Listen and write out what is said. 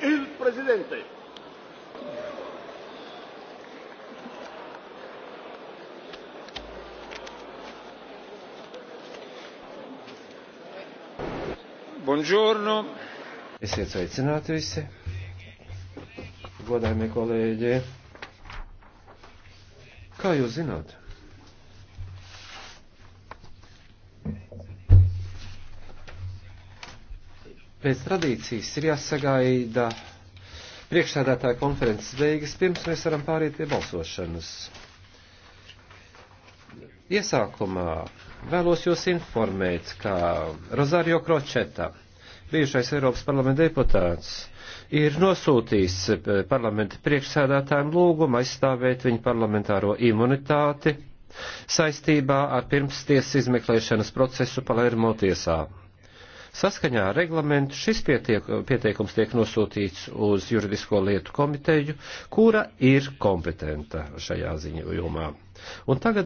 il Presidente. Buongiorno. Esiet sveicināti visi, godājumie kolēģi. Kā jūs zināt? pēc tradīcijas ir jāsagaida priekšsēdētāja konferences beigas, pirms mēs varam pāriet pie balsošanas. Iesākumā vēlos jūs informēt, ka Rozario Kročeta, bijušais Eiropas parlamenta deputāts, ir nosūtījis parlamenta priekšsēdētājiem lūgumu aizstāvēt viņu parlamentāro imunitāti saistībā ar pirmstiesas izmeklēšanas procesu Palermo tiesā. Saskaņā ar reglamentu šis pietiek, pieteikums tiek nosūtīts uz juridisko lietu komiteju, kura ir kompetenta šajā ziņojumā. Un tagad